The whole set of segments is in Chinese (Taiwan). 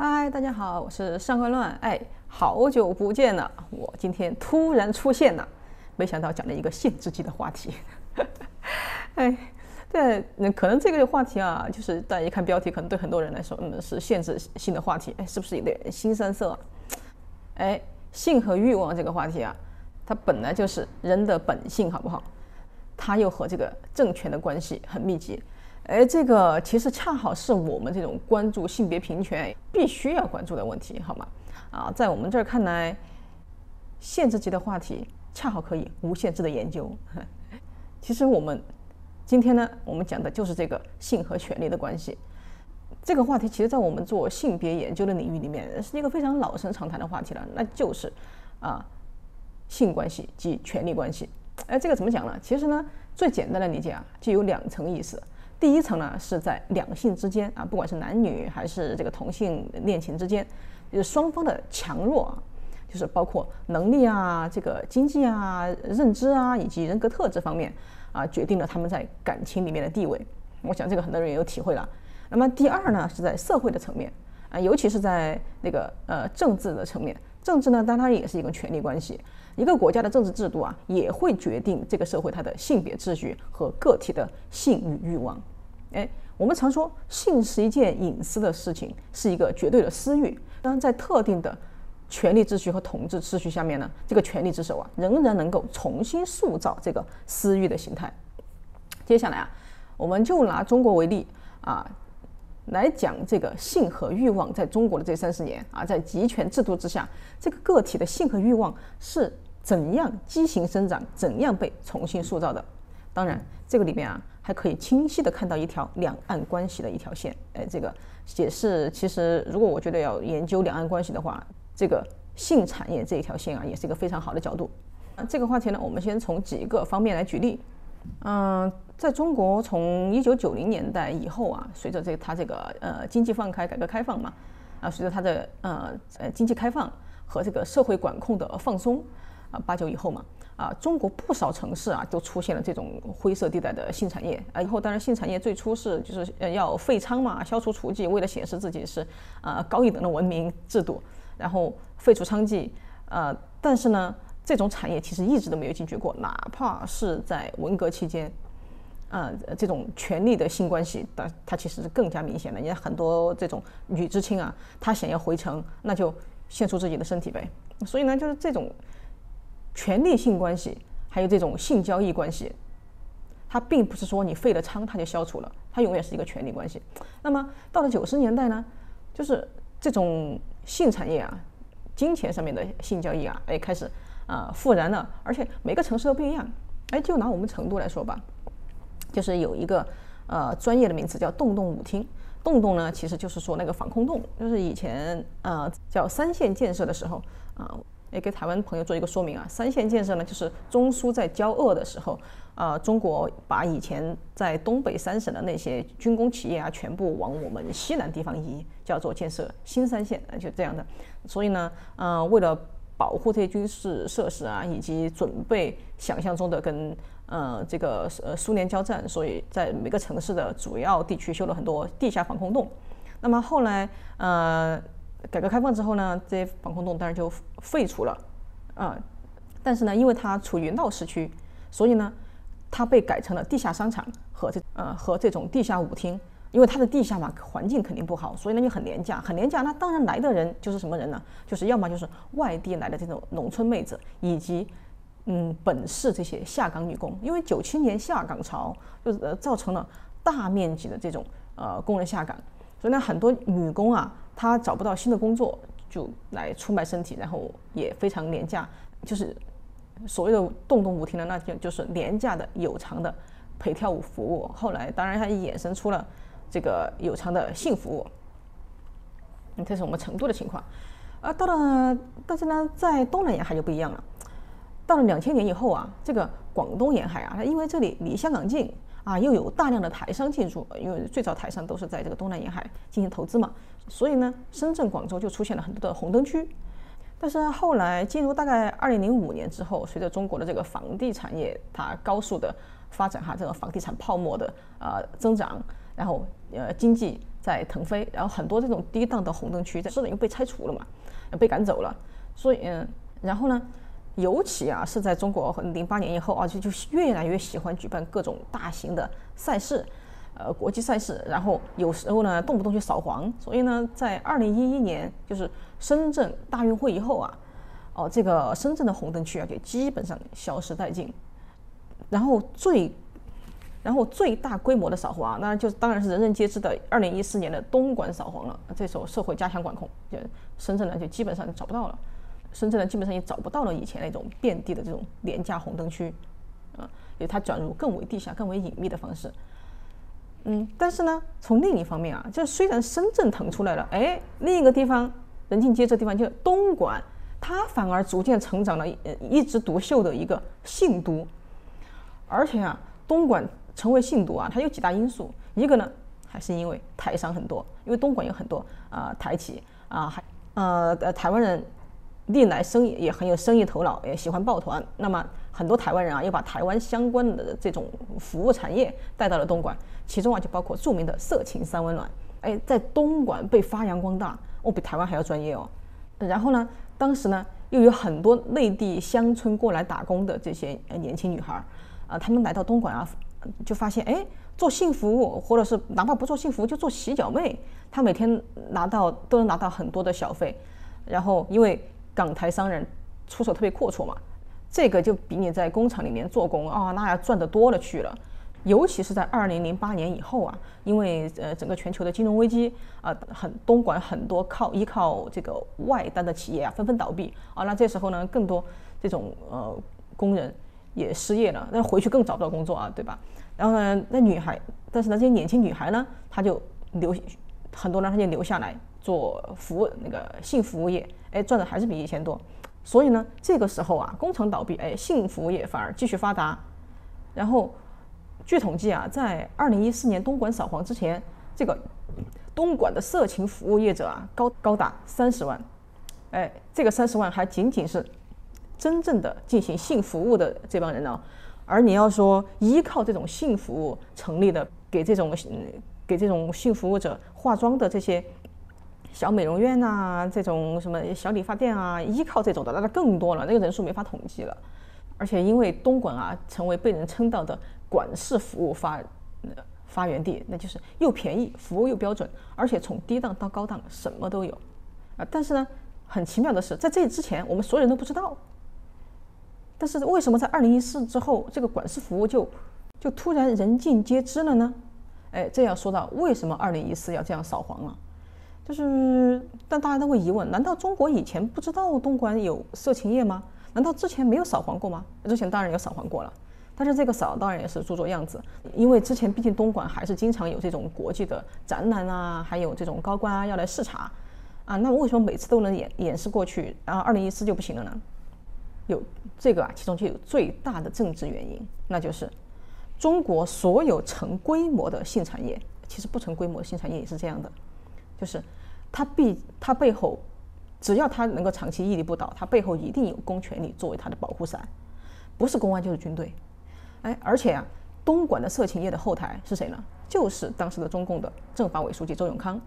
嗨，Hi, 大家好，我是上官亂，哎，好久不見了，我今天突然出現了，沒想到講了一個限制級的話題， 哎，對，那可能這個話題啊，就是大家一看標題，可能對很多人來說，嗯，是限制性的話題，哎，是不是有點心酸澀啊？哎，性和欲望這個話題啊，它本來就是人的本性，好不好？它又和這個政權的關係很密集。哎，這個其實恰好是我們這種關注性別平權必須要關注的問題，好嗎？啊，在我們這兒看來，限制級的話題恰好可以無限制的研究。其實我們今天呢，我們講的就是這個性和權力的關係。這個話題其實，在我們做性別研究的領域裡面，是一個非常老生常談的話題了，那就是啊，性關係及權力關係。哎，這個怎麼講呢？其實呢，最簡單的理解啊，就有兩層意思。第一層呢，是在兩性之間啊，不管是男女還是這個同性戀情之間，就是雙方的強弱啊，就是包括能力啊、這個經濟啊、認知啊以及人格特質方面啊，決定了他們在感情裡面的地位。我想這個很多人也有體會了。那麼第二呢，是在社會的層面啊，尤其是在那個呃政治的層面，政治呢當然也是一個權力關係。一個國家的政治制度啊，也會決定這個社會它的性別秩序和個體的性與慾望。誒，我們常說性是一件隱私的事情，是一個絕對的私慾。但是，在特定的權力秩序和統治秩序下面呢，這個權力之手啊，仍然能夠重新塑造這個私慾的形態。接下來啊，我們就拿中國為例啊，來講這個性和慾望在中國的這三十年啊，在集權制度之下，這個個體的性和慾望是，怎樣畸形生長，怎樣被重新塑造的？當然，這個裡面啊，還可以清晰地看到一條兩岸關係的一條線。誒、哎，這個解釋其實如果我覺得要研究兩岸關係的話，這個性產業這一條線啊，也是一個非常好的角度。那、啊、這個話題呢，我們先從幾個方面來舉例。嗯、呃，在中國從一九九零年代以後啊，隨着這個、它這個呃經濟放開、改革開放嘛，啊，隨着它的呃呃經濟開放和這個社會管控的放鬆。啊，八九以後嘛，啊，中國不少城市啊都出現了這種灰色地帶的性產業啊。以後當然，性產業最初是就是要廢娼嘛，消除娼妓，為了顯示自己是啊高一等的文明制度，然後廢除娼妓。呃、啊，但是呢，這種產業其實一直都沒有進去過，哪怕是在文革期間，嗯、啊，這種權力的性關係它，它它其實是更加明顯的。你看很多這種女知青啊，她想要回城，那就獻出自己的身體唄。所以呢，就是這種。權力性關係，還有這種性交易關係，它並不是說你廢了娼，它就消除了，它永遠是一個權力關係。那麼到了九十年代呢，就是這種性產業啊，金錢上面的性交易啊，哎開始啊、呃、復燃了，而且每個城市都不一樣。哎，就拿我們成都來說吧，就是有一個呃專業的名詞叫“洞洞舞廳”，“洞洞”呢其實就是說那個防空洞，就是以前呃叫三線建設的時候啊。呃也給台灣朋友做一個說明啊，三線建設呢，就是中蘇在交惡的時候，呃，中國把以前在東北三省的那些軍工企業啊，全部往我們西南地方移，叫做建設新三線，啊就這樣的。所以呢，嗯、呃，為了保護這些軍事設施啊，以及準備想象中的跟呃這個呃蘇聯交戰，所以在每個城市的主要地區修了很多地下防空洞。那麼後來，呃。改革開放之後呢，這些防空洞當然就廢除了啊、嗯。但是呢，因為它處於鬧市區，所以呢，它被改成了地下商場和這呃和這種地下舞廳。因為它的地下嘛，環境肯定不好，所以呢就很廉價，很廉價。那當然來的人就是什麼人呢？就是要麼就是外地來的這種農村妹子，以及嗯本市這些下崗女工。因為九七年下崗潮就是呃造成了大面積的這種呃工人下崗，所以呢，很多女工啊。他找不到新的工作，就來出賣身體，然後也非常廉價，就是所謂的“洞洞舞廳”的那就就是廉價的有償的陪跳舞服務。後來，當然他也衍生出了這個有償的性服務。這是我們成都的情況。啊，到了，但是呢，在東南沿海就不一樣了。到了兩千年以後啊，這個廣東沿海啊，它因為這裡離香港近。啊，又有大量的台商進入，因為最早台商都是在這個東南沿海進行投資嘛，所以呢，深圳、廣州就出現了很多的紅燈區。但是後來進入大概二零零五年之後，隨着中國的這個房地產業它高速的發展哈、啊，這個房地產泡沫的呃增長，然後呃經濟在騰飛，然後很多這種低檔的紅燈區在深圳又被拆除了嘛，被趕走了。所以嗯、呃，然後呢，尤其啊是在中國零八年以後啊，就就越來越喜歡舉辦各種大型的賽事，呃，國際賽事，然後有時候呢動不動就掃黃，所以呢，在二零一一年就是深圳大運會以後啊，哦、呃，這個深圳的紅燈區啊就基本上消失殆盡，然後最，然後最大規模的掃黃，那就當然是人人皆知的二零一四年的東莞掃黃了，這時候社會加強管控，就深圳呢就基本上找不到了。深圳呢，基本上也找不到了以前那種遍地的這種廉價紅燈區，啊，也它轉入更為地下、更為隱秘的方式。嗯，但是呢，從另一方面啊，就雖然深圳騰出來了，哎，另一個地方人盡皆知的地方就是東莞，它反而逐漸成長了一一枝獨秀的一個性都。而且啊，東莞成為性都啊，它有幾大因素，一個呢，還是因為台商很多，因為東莞有很多啊、呃、台企啊，還呃，呃台灣人。歷來生意也很有生意頭腦，也喜歡抱團。那麼很多台灣人啊，又把台灣相關的這種服務產業帶到了東莞，其中啊就包括著名的色情三溫暖，哎，在東莞被發揚光大，我比台灣還要專業哦。然後呢，當時呢又有很多內地鄉村過來打工的這些年輕女孩兒，啊，她們來到東莞啊，就發現哎，做性服務或者是哪怕不做性服務，就做洗腳妹，她每天拿到都能拿到很多的小費，然後因為。港台商人出手特別闊綽嘛，這個就比你在工廠裡面做工啊、哦，那要賺得多了去了。尤其是在二零零八年以後啊，因為呃整個全球的金融危機啊、呃，很東莞很多靠依靠這個外單的企業啊紛紛倒閉啊、哦，那這時候呢，更多這種呃工人也失業了，那回去更找不到工作啊，對吧？然後呢，那女孩，但是呢，這些年輕女孩呢，她就留，很多人她就留下來做服務，那個性服務業。哎，賺的還是比以前多，所以呢，這個時候啊，工廠倒閉，哎，性服務業反而繼續發達。然後，據統計啊，在二零一四年東莞掃黃之前，這個東莞的色情服務業者啊，高高達三十萬。哎，這個三十萬還僅僅是真正的進行性服務的這幫人呢，啊，而你要說依靠這種性服務成立的，給這種嗯，給這種性服務者化妝的這些。小美容院吶、啊，這種什麼小理髮店啊，依靠這種的，那它更多了，那個人數沒法統計了。而且因為東莞啊，成為被人稱道的莞式服務發、呃、發源地，那就是又便宜，服務又標準，而且從低檔到高檔什麼都有。啊，但是呢，很奇妙的是，在這之前我們所有人都不知道。但是為什麼在二零一四之後，這個莞式服務就就突然人盡皆知了呢？哎，這要說到為什麼二零一四要這樣掃黃了、啊。就是，但大家都會疑問：難道中國以前不知道東莞有色情業嗎？難道之前沒有掃黃過嗎？之前當然有掃黃過了，但是這個掃當然也是做做樣子，因為之前畢竟東莞還是經常有這種國際的展覽啊，還有這種高官啊要來視察，啊，那為什麼每次都能演演示過去，然後二零一四就不行了呢？有這個啊，其中就有最大的政治原因，那就是，中國所有成規模的性產業，其實不成規模的性產業也是這樣的。就是，他必他背後，只要他能夠長期屹立不倒，他背後一定有公權力作為他的保護傘，不是公安就是軍隊，哎，而且啊，東莞的色情業的後台是誰呢？就是當時的中共的政法委書記周永康，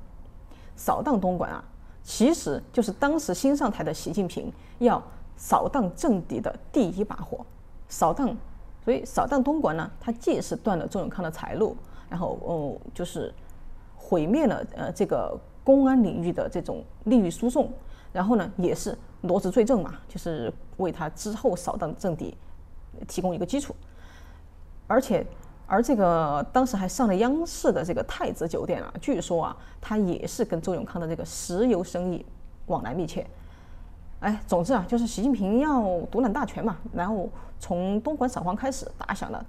掃蕩東莞啊，其實就是當時新上台的習近平要掃蕩政敵的第一把火，掃蕩，所以掃蕩東莞呢，他既是斷了周永康的財路，然後哦、嗯、就是毀滅了呃這個。公安領域的這種利益輸送，然後呢，也是羅織罪證嘛，就是為他之後掃蕩政敵提供一個基礎。而且，而這個當時還上了央視的這個太子酒店啊，據說啊，他也是跟周永康的這個石油生意往來密切。哎，總之啊，就是習近平要獨攬大權嘛，然後從東莞掃黃開始打響了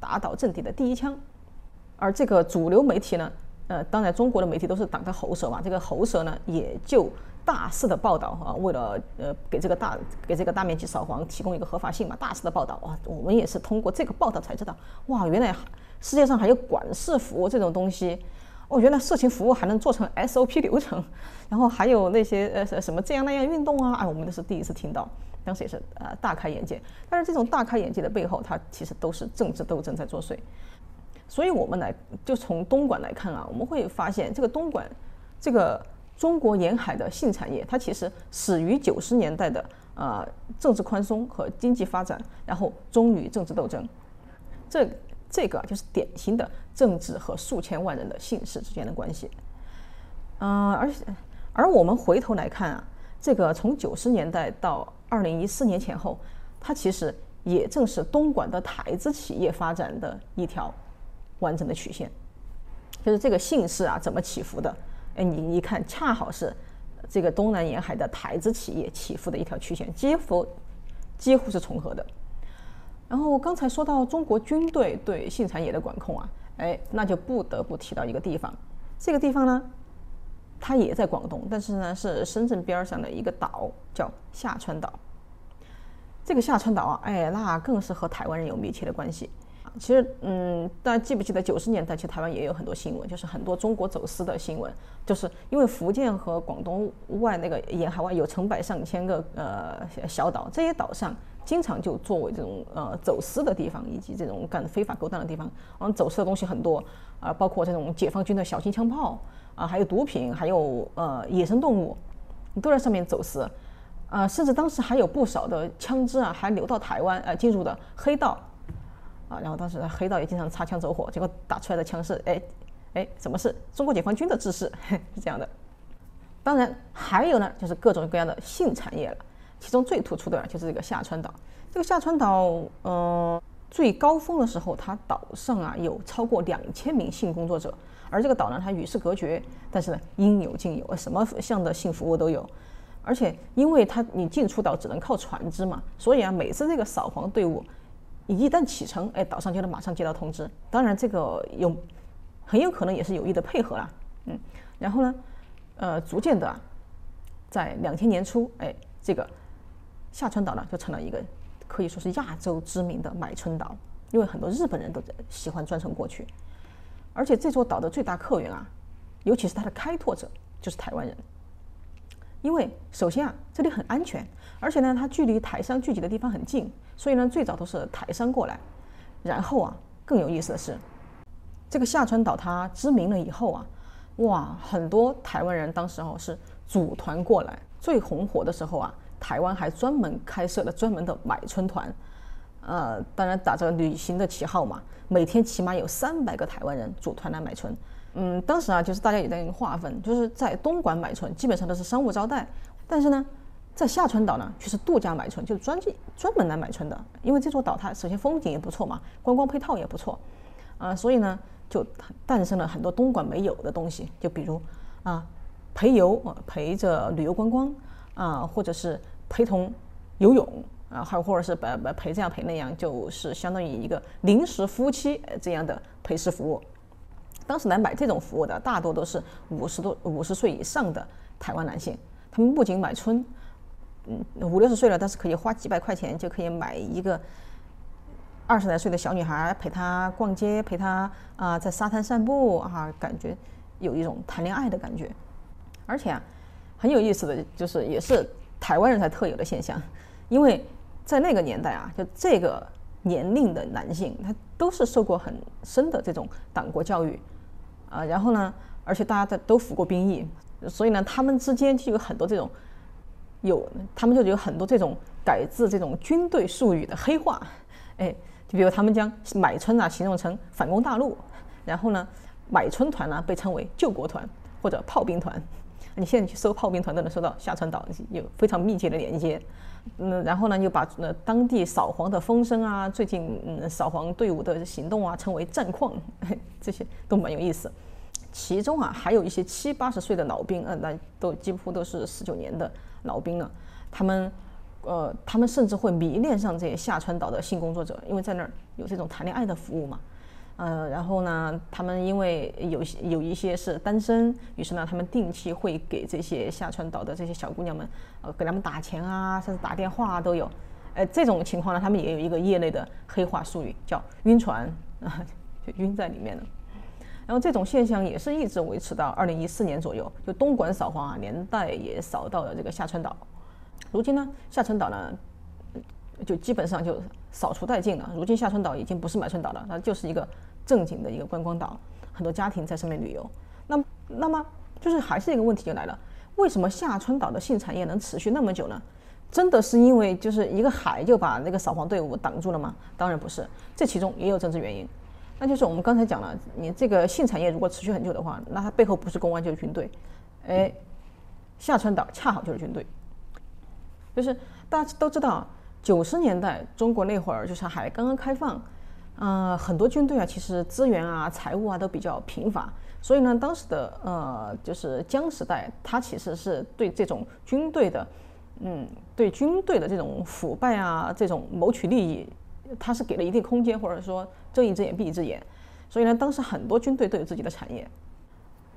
打倒政敵的第一槍。而這個主流媒體呢？呃，當然，中國的媒體都是黨的喉舌嘛，這個喉舌呢也就大肆的報道啊，為了呃給這個大給這個大面積掃黃提供一個合法性嘛，大肆的報道啊。我們也是通過這個報道才知道，哇，原來世界上還有莞式服務這種東西，哦原來色情服務還能做成 SOP 流程，然後還有那些呃什麼這樣那樣運動啊，哎，我們都是第一次聽到，當時也是呃大開眼界。但是這種大開眼界的背後，它其實都是政治鬥爭在作祟。所以，我們來就從東莞來看啊，我們會發現這個東莞，這個中國沿海的性產業，它其實始於九十年代的呃政治寬鬆和經濟發展，然後終於政治鬥爭。這這個就是典型的政治和數千萬人的性事之間的關係。嗯、呃，而且而我們回頭來看啊，這個從九十年代到二零一四年前後，它其實也正是東莞的台資企業發展的一條。完整的曲線，就是這個性事啊怎麼起伏的？哎，你一看，恰好是這個東南沿海的台資企業起伏的一條曲線幾乎幾乎是重合的。然後剛才說到中國軍隊對性產業的管控啊，哎，那就不得不提到一個地方，這個地方呢，它也在廣東，但是呢是深圳邊上的一個島，叫下川島。這個下川島啊，哎，那更是和台灣人有密切的關係。其實，嗯，大家記不記得九十年代，其實台灣也有很多新聞，就是很多中國走私的新聞，就是因為福建和廣東外那個沿海外有成百上千個呃小島，這些島上經常就作為這種呃走私的地方，以及這種幹非法勾當的地方。然後走私的東西很多，啊、呃，包括這種解放軍的小型槍炮啊、呃，還有毒品，還有呃野生動物，都在上面走私。啊、呃，甚至當時還有不少的槍支啊，還流到台灣呃進入的黑道。然後當時黑道也經常擦槍走火，結果打出來的槍是，哎，哎，怎麼是中國解放軍的制式？嘿，是這樣的。當然還有呢，就是各種各樣的性產業了。其中最突出的就是這個下川島。這個下川島，嗯、呃，最高峰的時候，它島上啊有超過兩千名性工作者。而這個島呢，它與世隔絕，但是呢，應有盡有，什麼向的性服務都有。而且因為它你進出島只能靠船隻嘛，所以啊，每次這個掃黃隊伍。你一旦啟程，哎，島上就能馬上接到通知。當然，這個有很有可能也是有意的配合啦。嗯。然後呢，呃，逐漸的啊，在兩千年初，哎，這個下川島呢就成了一個可以說是亞洲知名的買春島，因為很多日本人都喜歡專程過去，而且這座島的最大客源啊，尤其是它的開拓者，就是台灣人。因為首先啊，這裡很安全，而且呢，它距離台商聚集的地方很近，所以呢，最早都是台商過來。然後啊，更有意思的是，這個下川島它知名了以後啊，哇，很多台灣人當時候是組團過來。最紅火的時候啊，台灣還專門開設了專門的買春團，呃，當然打着旅行的旗號嘛，每天起碼有三百個台灣人組團來買春。嗯，當時啊，就是大家也在劃分，就是在東莞買春，基本上都是商務招待，但是呢，在下川島呢卻是度假買春，就是專專專門來買春的，因為這座島它首先風景也不錯嘛，觀光配套也不錯，啊，所以呢就誕生了很多東莞沒有的東西，就比如啊陪遊啊陪着，旅遊觀光啊，或者是陪同游泳啊，還有或者是陪陪這樣陪那樣，就是相當於一個臨時夫妻這樣的陪侍服務。當時來買這種服務的，大多都是五十多、五十歲以上的台灣男性。他們不僅買春，嗯，五六十歲了，但是可以花幾百塊錢就可以買一個二十來歲的小女孩陪他逛街，陪他啊在沙灘散步啊，感覺有一種談戀愛的感覺。而且啊，很有意思的就是，也是台灣人才特有的現象，因為在那個年代啊，就這個年齡的男性，他都是受過很深的這種黨國教育。啊，然後呢，而且大家在都服過兵役，所以呢，他們之間就有很多這種，有他們就有很多這種改制這種軍隊術語的黑話，哎，就比如他們將買春啊形容成反攻大陸，然後呢，買春團呢，啊，被稱為救國團或者炮兵團，你現在去搜炮兵團都能搜到下川島有非常密切的連接。嗯，然後呢，又把那當地掃黃的風聲啊，最近、嗯、掃黃隊伍的行動啊，稱為戰況，嘿，這些都蠻有意思。其中啊，還有一些七八十歲的老兵，嗯、啊，那都幾乎都是十九年的老兵了、啊。他們，呃，他們甚至會迷戀上這些下川島的性工作者，因為在那兒有這種談戀愛的服務嘛。呃，然後呢，他們因為有些有一些是單身，於是呢，他們定期會給這些下川島的這些小姑娘們，呃，給他們打錢啊，甚至打電話啊，都有。呃，這種情況呢，他們也有一個業內的黑話術語，叫“暈船”，啊，呃，就暈在裡面了。然後這種現象也是一直維持到二零一四年左右，就東莞掃黃啊，年代也掃到了這個下川島。如今呢，下川島呢，就基本上就。掃除殆盡了。如今下川島已經不是買春島了，那就是一個正經的一個觀光島，很多家庭在上面旅遊。那那麼就是還是一個問題就來了：為什麼下川島的性產業能持續那麼久呢？真的是因為就是一個海就把那個掃黃隊伍擋住了嗎？當然不是，這其中也有政治原因。那就是我們剛才講了，你這個性產業如果持續很久的話，那它背後不是公安就是軍隊。誒、哎，下川島恰好就是軍隊，就是大家都知道。九十年代，中國那會兒就是還剛剛開放，嗯、呃，很多軍隊啊，其實資源啊、財務啊都比較貧乏，所以呢，當時的呃，就是江時代，他其實是對這種軍隊的，嗯，對軍隊的這種腐敗啊、這種謀取利益，他是給了一定空間，或者說睜一只眼閉一只眼，所以呢，當時很多軍隊都有自己的產業，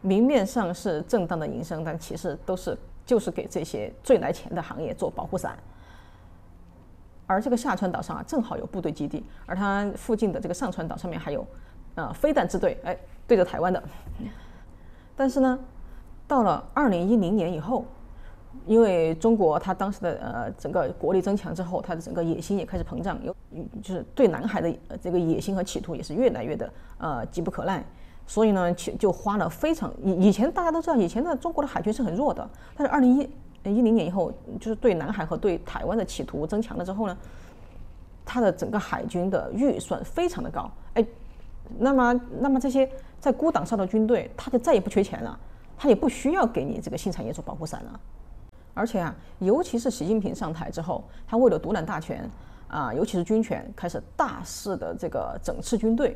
明面上是正當的營生，但其實都是就是給這些最來錢的行業做保護傘。而這個下川島上啊，正好有部隊基地，而它附近的這個上川島上面還有，呃，飛彈支隊，哎，對着台灣的。但是呢，到了二零一零年以後，因爲中國它當時的呃整個國力增強之後，它的整個野心也開始膨脹，有就是對南海的，呃，這個野心和企圖也是越來越的呃急不可耐，所以呢，就花了非常以以前大家都知道，以前的中國的海軍是很弱的，但是二零一一零年以後，就是對南海和對台灣的企圖增強了之後呢，他的整個海軍的預算非常的高，哎，那麼那麼這些在孤島上的軍隊，他就再也不缺錢了，他也不需要給你這個性產業做保護傘了，而且啊，尤其是習近平上台之後，他為了獨攬大權啊，尤其是軍權，開始大肆的這個整治軍隊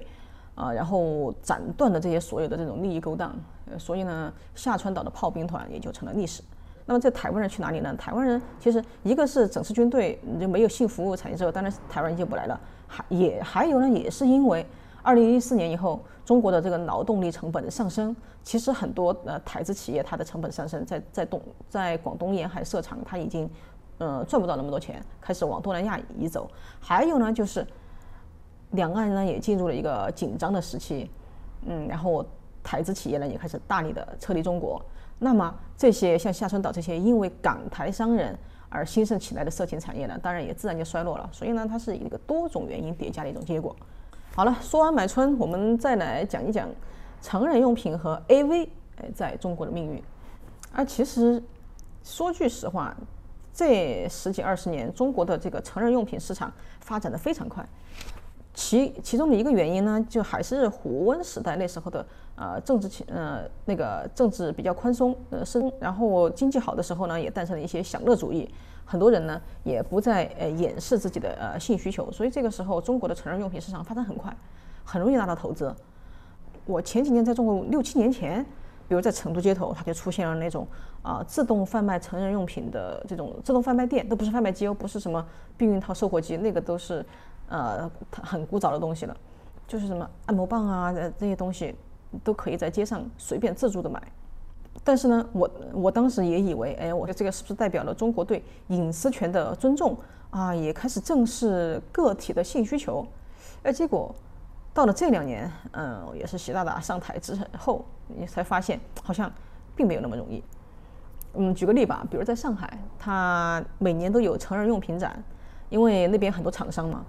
啊，然後斬斷了這些所有的這種利益勾當，所以呢，下川島的炮兵團也就成了歷史。那麼這台灣人去哪裡呢？台灣人其實一個是整治軍隊就沒有性服務產業之後，當然是台灣人就不來了。還也還有呢，也是因為二零一四年以後，中國的這個勞動力成本的上升，其實很多呃台資企業它的成本上升在，在在東在廣東沿海設廠，它已經嗯、呃、賺不到那麼多錢，開始往東南亞移走。還有呢，就是兩岸呢也進入了一個緊張的時期，嗯，然後我。台資企業呢也開始大力的撤離中國，那麼這些像下川島這些因為港台商人而興盛起來的色情產業呢，當然也自然就衰落了。所以呢，它是一個多種原因疊加的一種結果。好了，說完買春，我們再來講一講成人用品和 AV 在中國的命運。啊，其實說句實話，這十幾二十年中國的這個成人用品市場發展得非常快。其其中的一個原因呢，就還是胡溫時代那時候的呃政治情呃那個政治比較寬鬆呃生，然後經濟好的時候呢，也誕生了一些享樂主義，很多人呢也不再呃掩飾自己的呃性需求，所以這個時候中國的成人用品市場發展很快，很容易拿到投資。我前幾年在中國六七年前，比如在成都街頭，它就出現了那種啊、呃、自動販賣成人用品的這種自動販賣店，都不是販賣機油，哦，不是什麼避孕套售貨機，那個都是。呃，很古早的東西了，就是什麼按摩棒啊，呃、這些東西都可以在街上隨便自助的買。但是呢，我我當時也以為，哎，我覺得這個是不是代表了中國對隱私權的尊重啊？也開始正視個體的性需求。哎，結果到了這兩年，嗯、呃，也是習大大上台之後，你才發現好像並沒有那麼容易。嗯，舉個例吧，比如在上海，它每年都有成人用品展，因為那邊很多廠商嘛。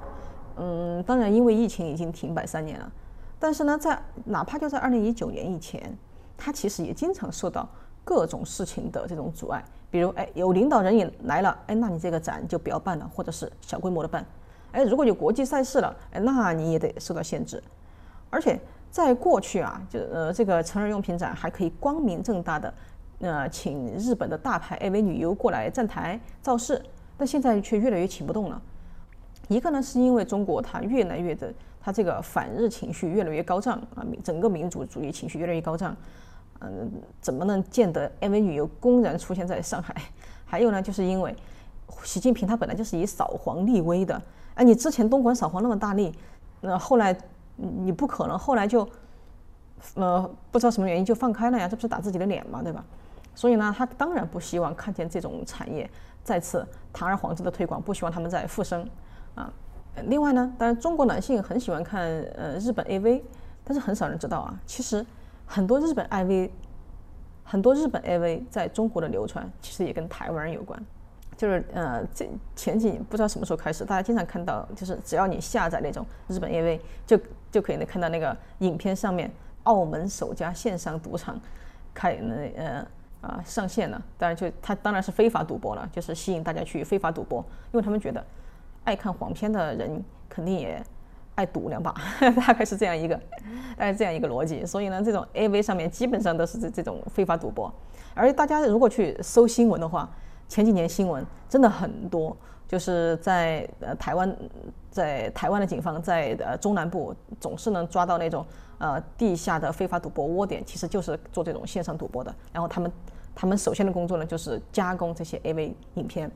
嗯，當然，因為疫情已經停擺三年了，但是呢，在哪怕就在二零一九年以前，它其實也經常受到各種事情的這種阻礙，比如哎，有領導人也來了，哎，那你這個展就不要辦了，或者是小規模的辦。哎，如果有國際賽事了，哎，那你也得受到限制。而且在過去啊，就呃這個成人用品展還可以光明正大的，呃請日本的大牌 AV 女優過來站台造勢，但現在卻越來越請不動了。一個呢，是因為中國它越來越的，它這個反日情緒越來越高漲啊，整個民族主義情緒越來越高漲，嗯，怎麼能見得 AV 女優公然出現在上海？還有呢，就是因為習近平他本來就是以掃黃立威的，啊，你之前東莞掃黃那麼大力，那、呃、後來你不可能後來就呃不知道什麼原因就放開了呀，這不是打自己的臉嘛，對吧？所以呢，他當然不希望看見這種產業再次堂而皇之的推廣，不希望他們再復生。啊，另外呢，當然中國男性很喜歡看呃日本 AV，但是很少人知道啊。其實很多日本 AV，很多日本 AV 在中國的流傳，其實也跟台灣人有關。就是呃，這前幾年不知道什麼時候開始，大家經常看到，就是只要你下載那種日本 AV，就就可以能看到那個影片上面，澳門首家線上賭場開呃，呃啊上線了。當然就他當然是非法賭博了，就是吸引大家去非法賭博，因為他們覺得。愛看黃片的人肯定也愛賭兩把， 大概是這樣一個，大概這樣一個邏輯。所以呢，這種 AV 上面基本上都是這這種非法賭博。而大家如果去搜新聞的話，前幾年新聞真的很多，就是在呃台灣，在台灣的警方在呃中南部總是能抓到那種呃地下的非法賭博窩點，其實就是做這種線上賭博的。然後他們他們首先的工作呢，就是加工這些 AV 影片。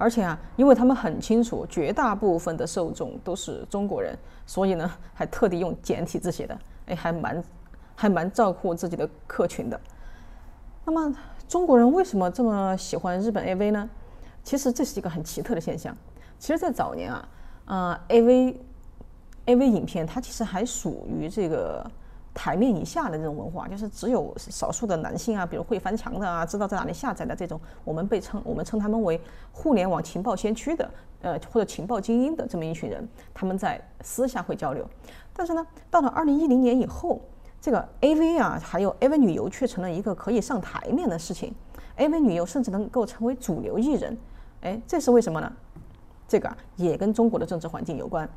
而且啊，因為他們很清楚絕大部分的受眾都是中國人，所以呢，還特地用簡體字寫的，哎，還蠻，還蠻照顧自己的客群的。那麼中國人為什麼這麼喜歡日本 AV 呢？其實這是一個很奇特的現象。其實，在早年啊，嗯、啊、AV、AV 影片它其實還屬於這個。台面以下的這種文化，就是只有少數的男性啊，比如會翻牆的啊，知道在哪裡下載的這種，我們被稱我們稱他們為互聯網情報先驅的，呃，或者情報精英的這麼一群人，他們在私下會交流。但是呢，到了二零一零年以後，這個 AV 啊，還有 AV 女優卻成了一個可以上台面的事情，AV 女優甚至能夠成為主流藝人，哎，這是為什麼呢？這個啊，也跟中國的政治環境有關。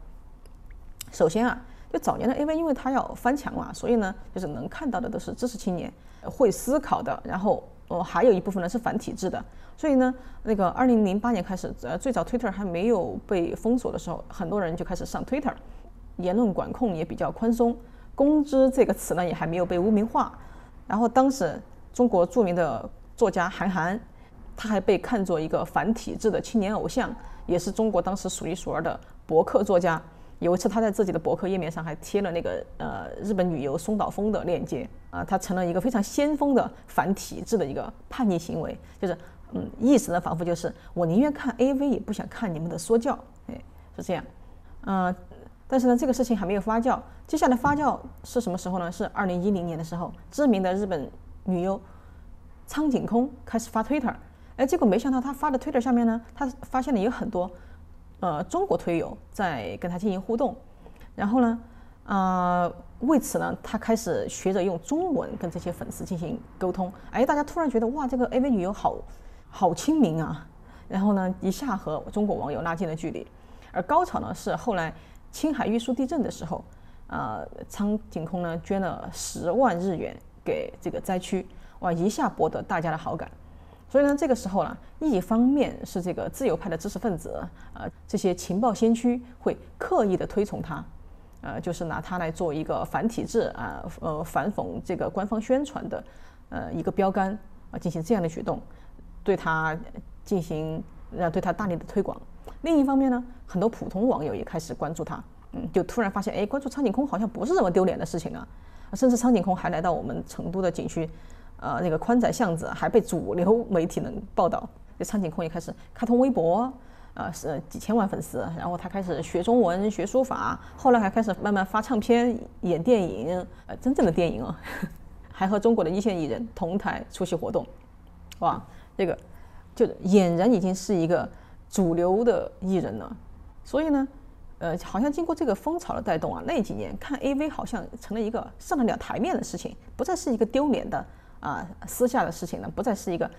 首先啊。就早年的 A V，因為它要翻牆嘛，所以呢，就是能看到的都是知識青年，會思考的，然後呃，還有一部分呢是反體制的。所以呢，那個二零零八年開始，呃，最早 Twitter 還沒有被封鎖的時候，很多人就開始上 Twitter，言論管控也比較寬鬆，“公知”這個詞呢也還沒有被汙名化。然後當時中國著名的作家韓寒，他還被看作一個反體制的青年偶像，也是中國當時數一數二的博客作家。有一次，他在自己的博客頁面上還貼了那個呃日本女優松島楓的鏈接啊，他成了一個非常先鋒的反體制的一個叛逆行為，就是嗯意思呢，仿佛就是我寧願看 AV 也不想看你們的說教，哎，是這樣，嗯、呃，但是呢，這個事情還沒有發酵，接下來發酵是什麼時候呢？是二零一零年的時候，知名的日本女優蒼井空開始發 Twitter，哎，結果沒想到他發的 Twitter 下面呢，他發現了有很多。呃，中國推友在跟他進行互動，然後呢，啊、呃，為此呢，他開始學着用中文跟這些粉絲進行溝通。哎，大家突然覺得哇，這個 AV 女優好好親民啊！然後呢，一下和中國網友拉近了距離。而高潮呢，是後來青海玉樹地震的時候，啊、呃，蒼井空呢捐了十萬日元給這個災區，哇，一下博得大家的好感。所以呢，這個時候呢，一方面是這個自由派的知識分子，呃，這些情報先驅會刻意的推崇他，呃，就是拿他來做一個反體制啊，呃，反諷這個官方宣傳的，呃，一個標桿啊，進行這樣的舉動，對他進行，呃，對他大力的推廣。另一方面呢，很多普通網友也開始關注他，嗯，就突然發現，哎，關注蒼井空好像不是什麼丟臉的事情啊，甚至蒼井空還來到我們成都的景區。呃，那個寬窄巷子還被主流媒體能報道，那蒼井空也開始開通微博，啊、呃，是幾千萬粉絲，然後他開始學中文學書法，後來還開始慢慢發唱片、演電影，呃，真正的電影哦、啊，還和中國的一線藝人同台出席活動，哇，這個就儼然已經是一個主流的藝人了。所以呢，呃，好像經過這個風潮的帶動啊，那幾年看 AV 好像成了一個上得了台面的事情，不再是一個丟臉的。啊，私下的事情呢，不再是一個，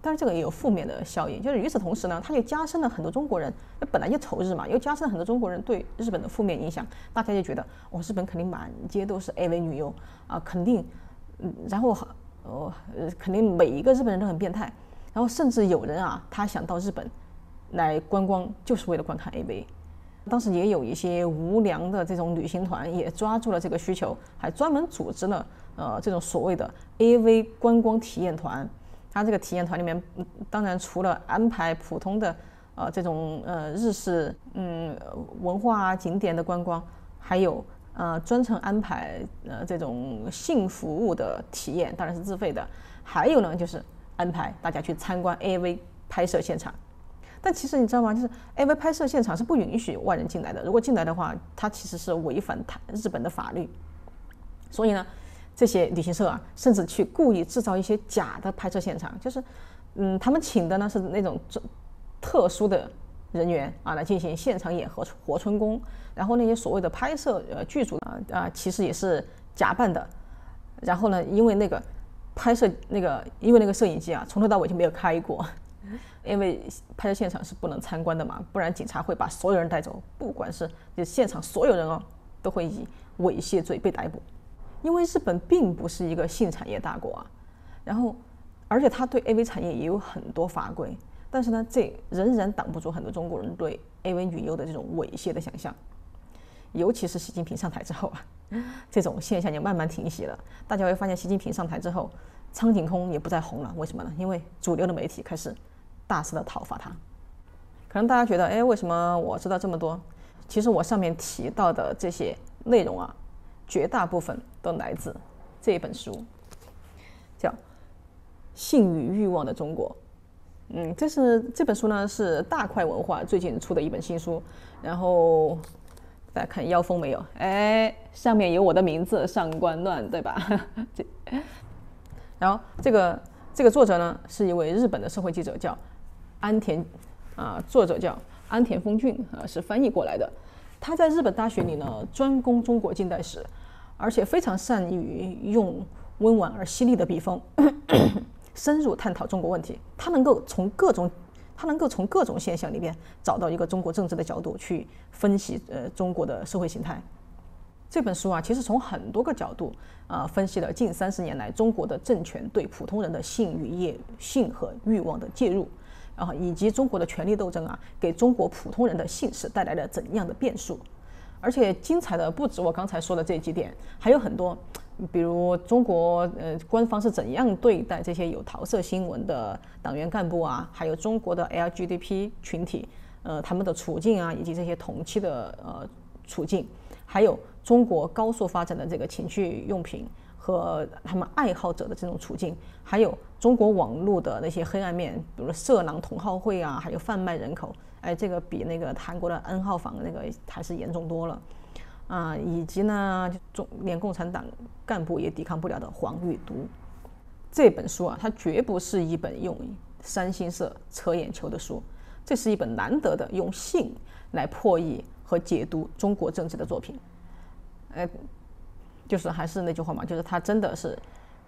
但是這個也有負面的效應。就是與此同時呢，它又加深了很多中國人，那本來就仇日嘛，又加深了很多中國人對日本的負面印象。大家就覺得，我、哦、日本肯定滿街都是 AV 女優啊，肯定，嗯，然後哦，肯定每一個日本人都很變態。然後甚至有人啊，他想到日本來觀光，就是為了觀看 AV。當時也有一些無良的這種旅行團，也抓住了這個需求，還專門組織了。呃，這種所謂的 AV 觀光體驗團，它這個體驗團裡面，當然除了安排普通的呃這種呃日式嗯文化啊、景點的觀光，還有呃專程安排呃這種性服務的體驗，當然是自費的。還有呢，就是安排大家去參觀 AV 拍攝現場。但其實你知道嗎？就是 AV 拍攝現場是不允許外人進來的。如果進來的話，它其實是違反它日本的法律。所以呢。這些旅行社啊，甚至去故意製造一些假的拍攝現場，就是，嗯，他們請的呢是那種這特殊的人員啊來進行現場演和活春宮，然後那些所謂的拍攝呃劇組啊、呃、啊，其實也是假扮的。然後呢，因為那個拍攝那個，因為那個攝影機啊，從頭到尾就沒有開過，因為拍攝現場是不能參觀的嘛，不然警察會把所有人帶走，不管是就是、現場所有人哦，都會以猥褻罪被逮捕。因為日本並不是一個性產業大國啊，然後，而且他對 AV 產業也有很多法規，但是呢，這仍然擋不住很多中國人對 AV 女優的這種猥褻的想象，尤其是習近平上台之後啊，這種現象就慢慢停息了。大家會發現，習近平上台之後，蒼井空也不再紅了，為什麼呢？因為主流的媒體開始大肆的討伐他。可能大家覺得，哎，為什麼我知道這麼多？其實我上面提到的這些內容啊。絕大部分都來自這本書，叫《性與欲望的中國》。嗯，這是這本書呢，是大塊文化最近出的一本新書。然後大家看腰封沒有？哎，上面有我的名字上官亂，對吧？ 然後這個這個作者呢，是一位日本的社會記者，叫安田啊。作者叫安田峰俊啊，是翻譯過來的。他在日本大學裡呢，專攻中國近代史，而且非常善於用溫婉而犀利的筆鋒，深入探討中國問題。他能夠從各種，他能夠從各種現象裡面找到一個中國政治的角度去分析呃中國的社會形態。這本書啊，其實從很多個角度啊，呃，分析了近三十年來中國的政權對普通人的性與業性和欲望的介入。啊，以及中國的權力鬥爭啊，給中國普通人的性事帶來了怎樣的變數？而且精彩的不止我剛才說的這幾點，還有很多，比如中國呃官方是怎樣對待這些有桃色新聞的黨員幹部啊，還有中國的 LGBT 群體呃他們的處境啊，以及這些同期的呃處境，還有中國高速發展的這個情趣用品和他們愛好者的這種處境，還有。中國網絡的那些黑暗面，比如色狼、同好會啊，還有販賣人口，哎，這個比那個韓國的 N 號房那個還是嚴重多了，啊，以及呢，就中連共產黨幹部也抵抗不了的黃玉毒。這本書啊，它絕不是一本用三星色扯眼球的書，這是一本難得的用性來破譯和解讀中國政治的作品。哎，就是還是那句話嘛，就是它真的是。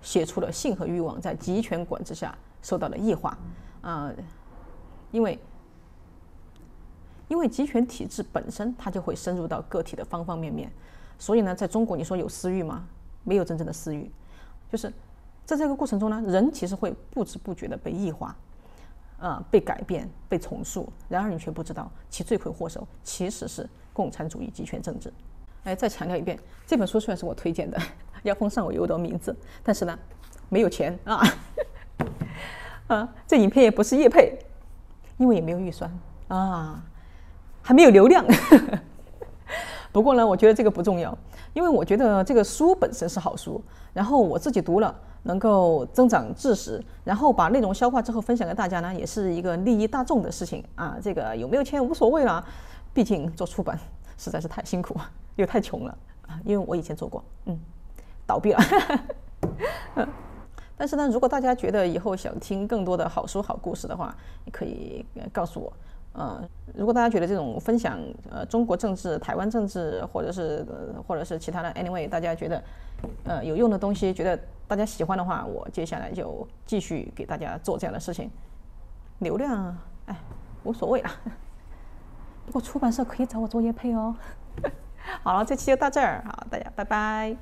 寫出了性和欲望在集權管制下受到了異化，啊、呃，因為因為集權體制本身它就會深入到個體的方方面面，所以呢，在中國你說有私欲嗎？沒有真正的私欲，就是在這個過程中呢，人其實會不知不覺地被異化，啊、呃，被改變、被重塑，然而你卻不知道其罪魁禍首其實是共產主義集權政治。哎，再強調一遍，這本書雖然是我推薦的。要封上我有的名字，但是呢，沒有錢啊啊！這影片也不是業配，因為也沒有預算啊，還沒有流量呵呵。不過呢，我覺得這個不重要，因為我覺得這個書本身是好書，然後我自己讀了，能夠增長知識，然後把內容消化之後分享給大家呢，也是一個利益大眾的事情啊。這個有沒有錢無所謂啦，畢竟做出版實在是太辛苦又太窮了啊，因為我以前做過，嗯。倒閉了， 但是呢，如果大家覺得以後想聽更多的好書、好故事的話，你可以告訴我。嗯、呃，如果大家覺得這種分享呃中國政治、台灣政治，或者是、呃、或者是其他的，anyway，大家覺得呃有用的東西，覺得大家喜歡的話，我接下來就繼續給大家做這樣的事情。流量哎無所謂啊，不過出版社可以找我做業配哦。 好了，這期就到這兒好，大家拜拜。